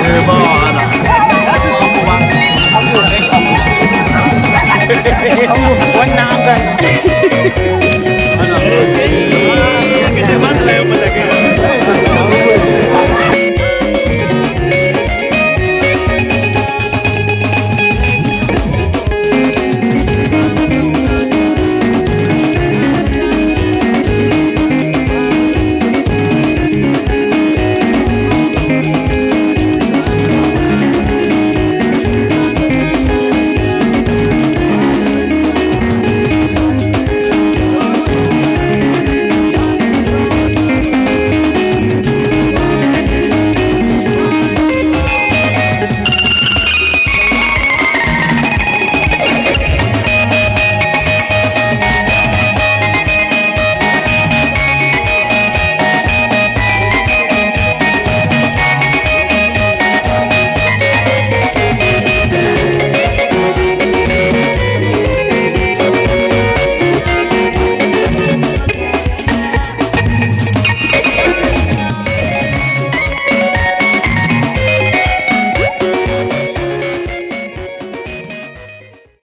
wannan hakan